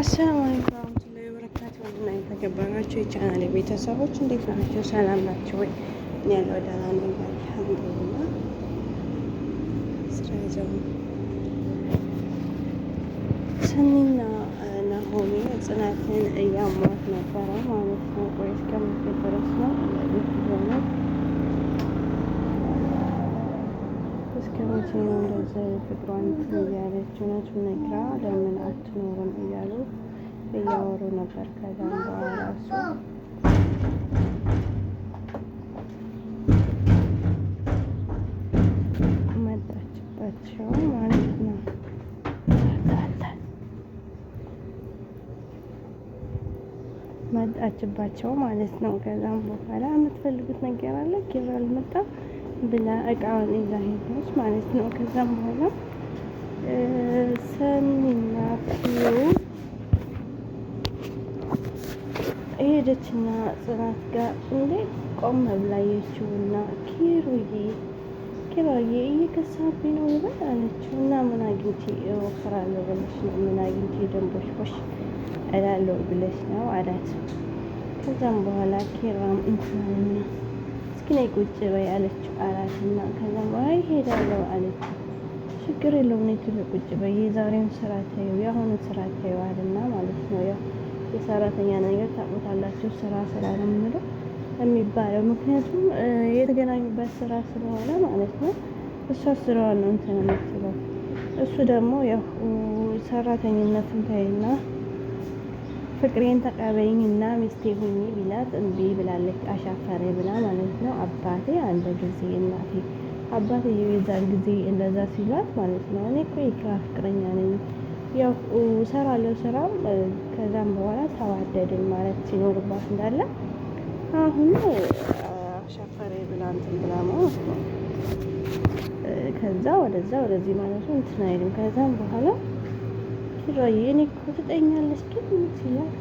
አሰላሙ አለይኩም ወራህመቱላሂ ወበረካቱህ። ወንድና የተከበራችሁ የቻናል ቤተሰቦች እንዴት ናቸው? ሰላም ናቸው ወይ? እኔ ያለው ደህና ነኝ አልሐምዱሊላህ። ስራ ይዘው ሰኒና ናሆሜ ጽናትን እያሟት ነበረ ማለት ነው። ቆይ እስከመቼ ነው ቤተሰቦች እንደዚ ፍቅሯን እያለች እውነቱን ነግራ ለምን አትኖርም እያሉ እያወሩ ነበር። ከዛም በኋላ እሱ መጣችባቸው ማለት ነው። መጣችባቸው ማለት ነው። ከዛም በኋላ የምትፈልጉት ነገር አለ ጌራል መጣ ብላ እቃውን ይዛ ሄደች ማለት ነው። ከዛም በኋላ ሰኒና ፒዩ ሄደችና ጽናት ጋር እንዴ ቆም ብላ አየችውና ኪሩዬ ኪራዬ እየከሳብኝ ነው ይበል አለችው። እና ምን አግኝቼ እወፍራለሁ ብለሽ ነው? ምን አግኝቼ ደንቦሽቦሽ እላለሁ ብለሽ ነው አላት። ከዛም በኋላ ኪራም እንትናና ነይ ቁጭ በይ አለችው እና ከዛም በኋላ ይሄዳለው አለችው። ችግር የለውም እኔ ትል ቁጭ በይ የዛሬውን ስራ ታዩ የአሁኑ ስራ ታዩ አልና ማለት ነው። ያው የሰራተኛ ነገር ታቆታላችሁ ስራ ስራ ነው የምለው የሚባለው ምክንያቱም የተገናኙበት ስራ ስለሆነ ማለት ነው። እሷ ስራዋን ነው እንትን የምትለው እሱ ደግሞ ያው ሰራተኝነትን ታይና ፍቅሬን ተቀበይኝ እና ሚስቴ ሁኚ ቢላት እምቢ ብላለች። አሻፈሬ ብላ ማለት ነው። አባቴ አንድ ጊዜ እናቴ አባቴ የዛን ጊዜ እንደዛ ሲሏት ማለት ነው እኔ እኮ የኪራ ፍቅረኛ ነኝ ያው ሰራለው ስራም ከዛም በኋላ ተዋደድን ማለት ሲኖርባት እንዳለ አሁን አሻፈሬ ብላ እንትን ብላ ማለት ነው ከዛ ወደዛ ወደዚህ ማለቱ እንትን አይልም ከዛም በኋላ ኪራዬ እኔ እኮ ትጠኛለች ግን ሲላት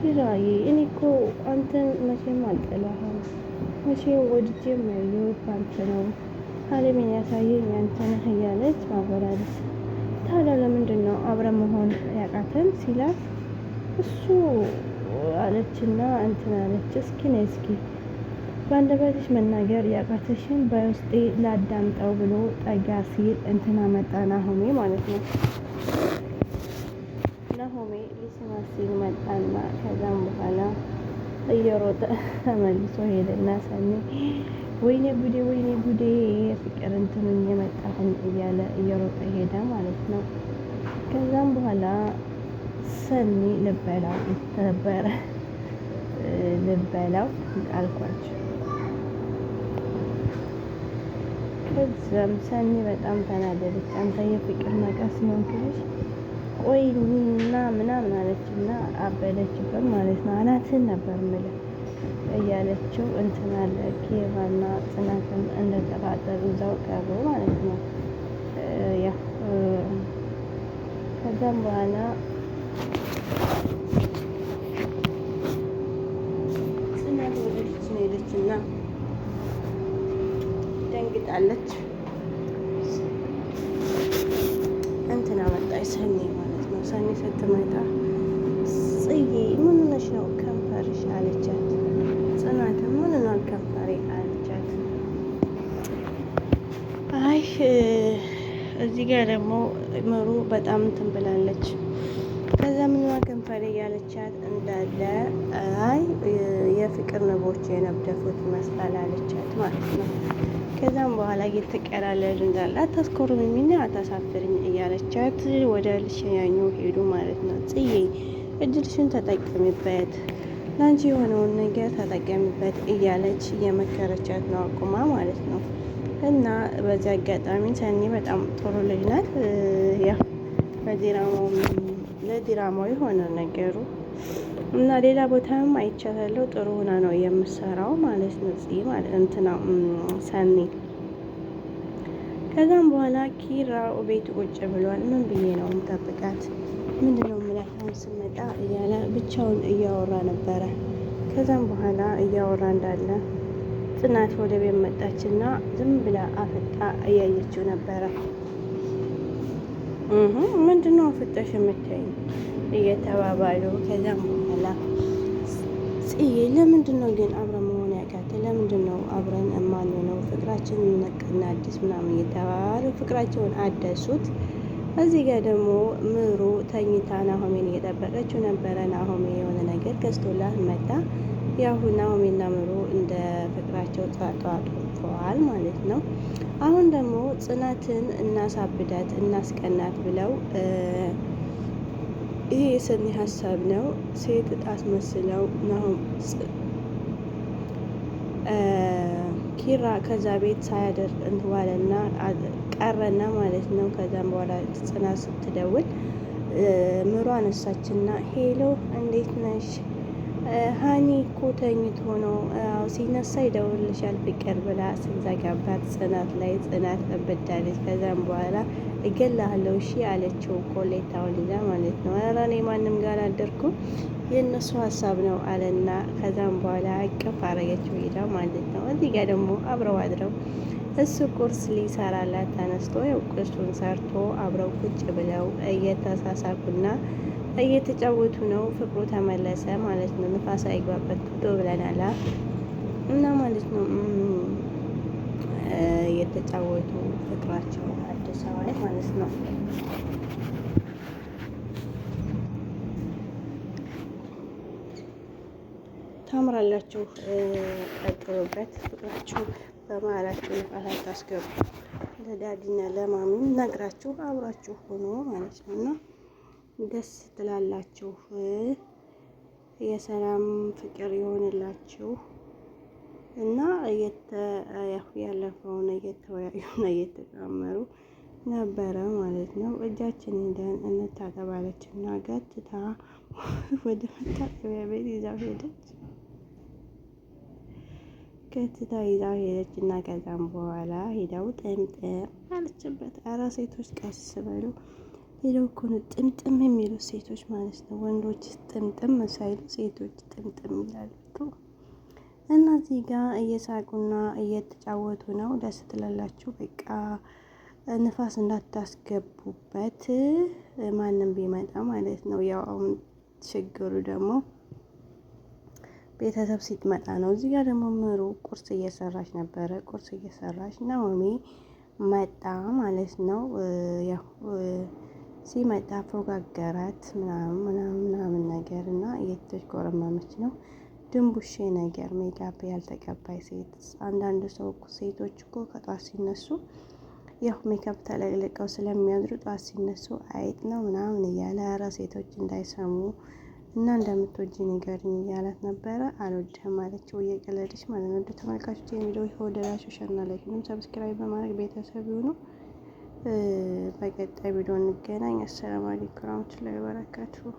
ኪራዬ እኔ እኮ አንተን መቼም አልጠላህም፣ መቼም ወድጄ ያየሁት አንተ ነው፣ አለምን ያሳየኝ አንተ ነህ እያለች ማበራለች። ታዲያ ለምንድን ነው አብረን መሆን ያቃተን ሲላት እሱ አለችና እንትን አለች። እስኪ ነይ እስኪ በአንደበትሽ መናገር ያቃተሽን በውስጤ ላዳምጠው ብሎ ጠጋ ሲል እንትን መጣና ሆሜ ማለት ነው ናሆሜ ሊሰማሲል መጣና ከዛም በኋላ እየሮጠ ተመልሶ ሄደና ሰኒ ወይኔ ጉዴ፣ ወይኔ ጉዴ የፍቅር እንትኑኝ የመጣሁኝ እያለ እየሮጠ ሄደ ማለት ነው። ከዛም በኋላ ሰኒ ልበላው ነበረ ልበላው አልኳቸው። ከዛም ሰኒ በጣም ተናደደች። አንተ የፍቅር መቃስ ሲሆን ቆይ ቆይና ምናምን አለችና አበደችበት ማለት ነው። አናትን ነበር ምል እያለችው እንትን አለ ኬባና ጽናትም እንደተፋጠሩ እዛው ቀሩ ማለት ነው። ከዛም በኋላ ጽናት ወደ ልጅ ሄደችና ደንግጣለች። እዚህ ጋር ደግሞ ምሩ በጣም እንትን ብላለች። ከዛ ምንዋ ከንፈሬ ያለቻት እንዳለ አይ የፍቅር ንቦች የነብደፉት ይመስላል አለቻት ማለት ነው። ከዛም በኋላ እየተቀላለድ እንዳለ አታስኮርምኝና አታሳፍርኝ እያለቻት ወደ ልሸኛኙ ሄዱ ማለት ነው። ጽዬ እድልሽን ተጠቀሚበት ለአንቺ የሆነውን ነገር ተጠቀሚበት እያለች እየመከረቻት ነው አቁማ ማለት ነው። እና በዚህ አጋጣሚ ሰኒ በጣም ጥሩ ልጅ ናት። ለዲራማው የሆነ ነገሩ እና ሌላ ቦታም አይቻታለሁ። ጥሩ ሆና ነው የምሰራው ማለት ነው ማለት እንትና ሰኒ። ከዛም በኋላ ኪራ ቤት ቁጭ ብሏል። ምን ብዬ ነው የምጠብቃት? ምንድነው ነው የምላት? ስመጣ እያለ ብቻውን እያወራ ነበረ። ከዛም በኋላ እያወራ እንዳለ ጽናት ወደ ቤት እና ዝም ብላ አፍጣ እያየችው ነበረ። ምንድነው አፍጣሽ የምታይ እየተባባሉ ከዛም በኋላ ጽዬ ነው ግን አብረ መሆን ያቃተ? ለምንድነው አብረን እማንሆነው? ፍቅራችን ነቅና አዲስ ምናምን እየተባባሉ ፍቅራቸውን አደሱት። እዚህ ጋር ደግሞ ምሩ ተኝታ ናሆሜን እየጠበቀችው ነበረ። ናሆሜ የሆነ ነገር ገዝቶላት መጣ። ያሁ ናሆሜና ምሩ እንደ ፍቅራቸው ተጧጡፈዋል ማለት ነው። አሁን ደግሞ ጽናትን እናሳብዳት እናስቀናት ብለው ይሄ የሰኒ ሀሳብ ነው። ሴት አስመስለው ናሆም ኪራ ከዛ ቤት ሳያደርግ እንትዋለና ቀረና ማለት ነው። ከዛም በኋላ ጽናት ስትደውል ምሮ አነሳችና ሄሎ እንዴት ነሽ ሀኒ እኮ ተኝቶ ነው አዎ ሲነሳ ይደውልሻል ፍቅር ብላ ስንዘጋባት ጽናት ላይ ጽናት እብዳለች ከዛም በኋላ እገላለሁ እሺ አለችው ኮሌታውን ይዛ ማለት ነው ኧረ እኔ ማንም ጋር አደርኩም የእነሱ ሀሳብ ነው አለና ከዛም በኋላ እቅፍ አረገችው ሄዳ ማለት ነው እዚህ ጋር ደግሞ አብረው አድረው እሱ ቁርስ ሊሰራላት ተነስቶ ቁርሱን ሰርቶ አብረው ቁጭ ብለው እየተሳሳቁና እየተጫወቱ ነው። ፍቅሩ ተመለሰ ማለት ነው። ንፋስ አይግባበት ብቶ ብለናላ እና ማለት ነው እየተጫወቱ ፍቅራቸው አዲስ አበባ ማለት ነው። ታምራላችሁ። ቀጥሎበት ፍቅራችሁ በመሀላችሁ ንፋት አታስገቡ። ለዳዲና ለማሚ ነግራችሁ አብራችሁ ሆኖ ማለት ነው እና ደስ ትላላችሁ። የሰላም ፍቅር ይሆንላችሁ እና ያለፈውን እየተወያዩና እየተጣመሩ ነበረ ማለት ነው። እጃችን ሄደን እንታጠባለች እና ገትታ ወደ መታጠቢያ ቤት ይዛ ሄደች። ገትታ ይዛ ሄደች እና ከዛም በኋላ ሄደው ጥምጥም አለችበት። አረ ሴቶች ቀስ በሉ ሄደው እኮ ነው ጥምጥም የሚሉት ሴቶች ማለት ነው። ወንዶች ጥምጥም ሳይሉ ሴቶች ጥምጥም ይላሉ። እና እዚህ ጋር እየሳቁና እየተጫወቱ ነው። ደስ ትላላችሁ። በቃ ንፋስ እንዳታስገቡበት ማንም ቢመጣ ማለት ነው። ያው አሁን ችግሩ ደግሞ ቤተሰብ ሲመጣ ነው። እዚህ ጋር ደግሞ ምሩ ቁርስ እየሰራች ነበረ። ቁርስ እየሰራች ናኦሚ መጣ ማለት ነው። ሲመጣ ፎጋገራት ምናምን ምናምን ምናምን ነገር እና ጎረመመች ነው። ድንቡሼ ነገር ሜካፕ ያልተቀባይ ሴት። አንዳንድ ሰው ሴቶች እኮ ከጧት ሲነሱ ያው ሜካፕ ተለቅልቀው ስለሚያድሩ ጧት ሲነሱ አይጥ ነው ምናምን እያለ ኧረ ሴቶች እንዳይሰሙ እና እንደምትወጂ ንገሪኝ እያላት ነበረ። አልወድህም አለችው እየቀለደች ማለት ነው። ውድ ተመልካቾች የሚለው ከወደዳችሁ ሸና ላይክንም ሰብስክራይብ በማድረግ ቤተሰብ ይሁኑ። በቀጣይ ቪዲዮ እንገናኝ። አሰላሙ አለይኩም ወራህመቱላሂ ወበረካቱሁ።